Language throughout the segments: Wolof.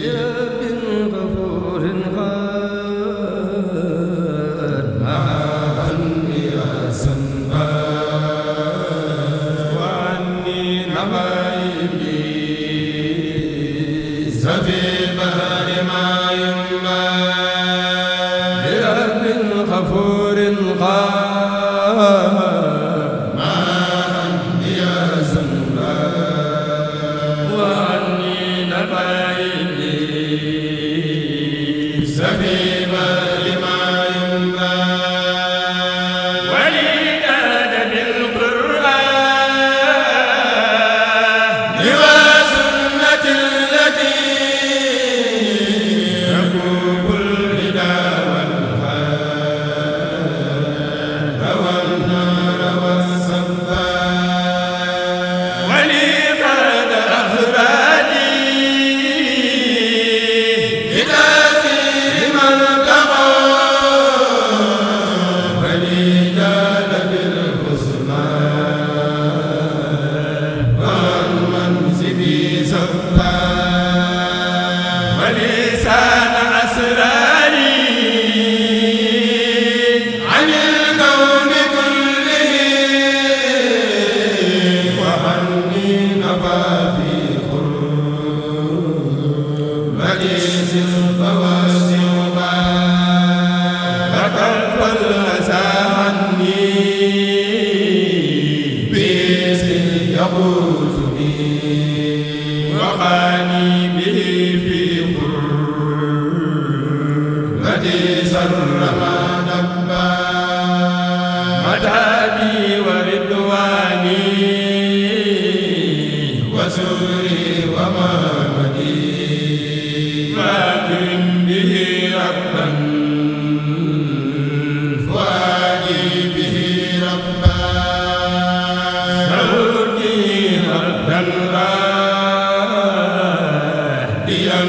Yeah. ani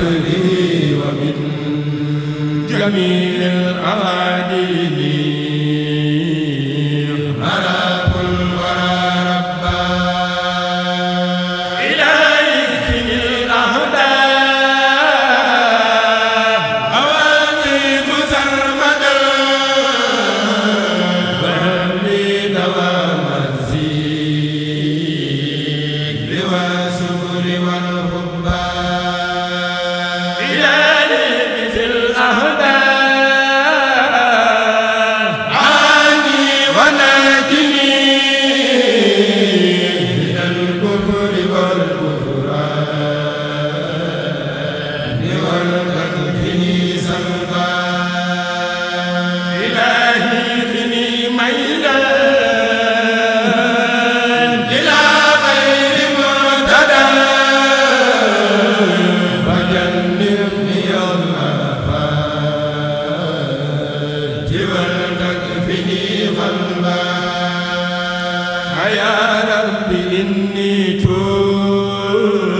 Good. الأمين Lord.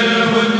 al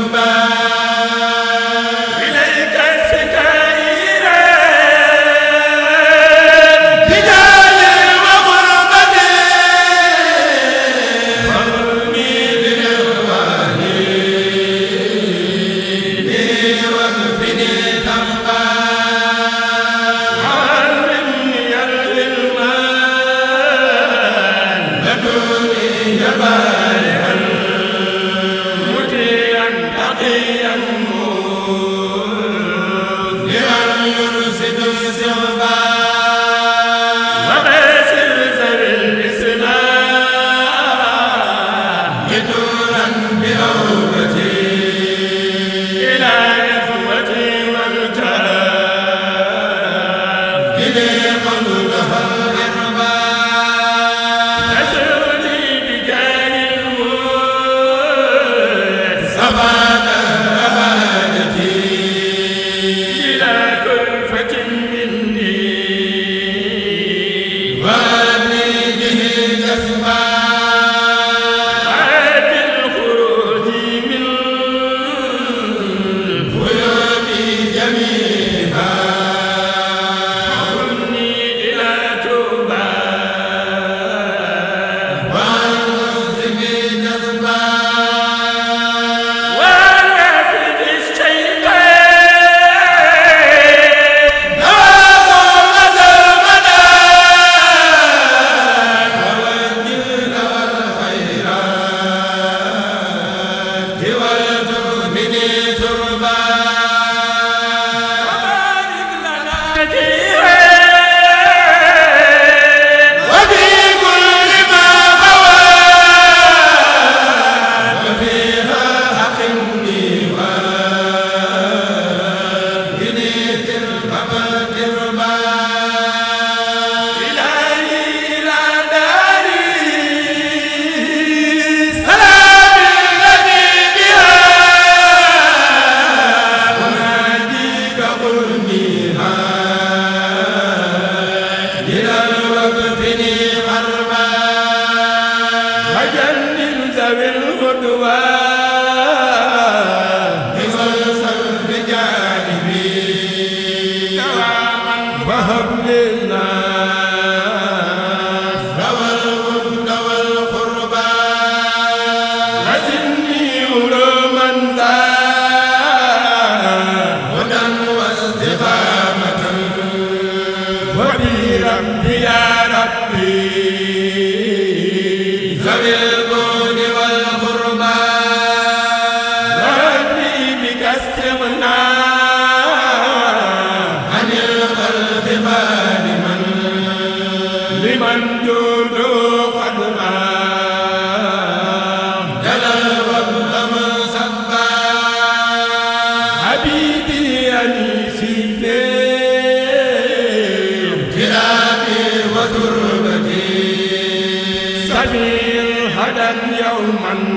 leen سبيل هدى يوما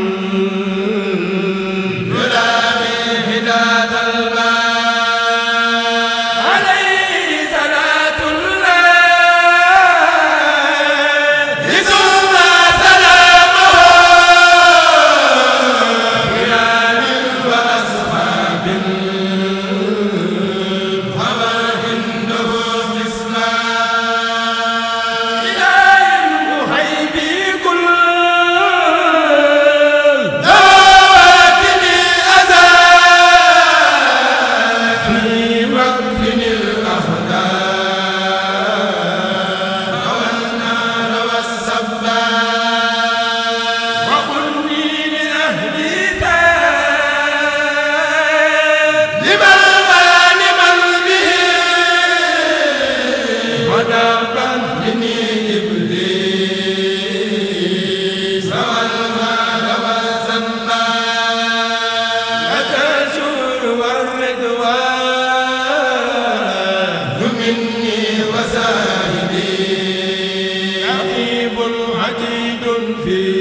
في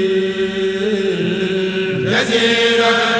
جزيرة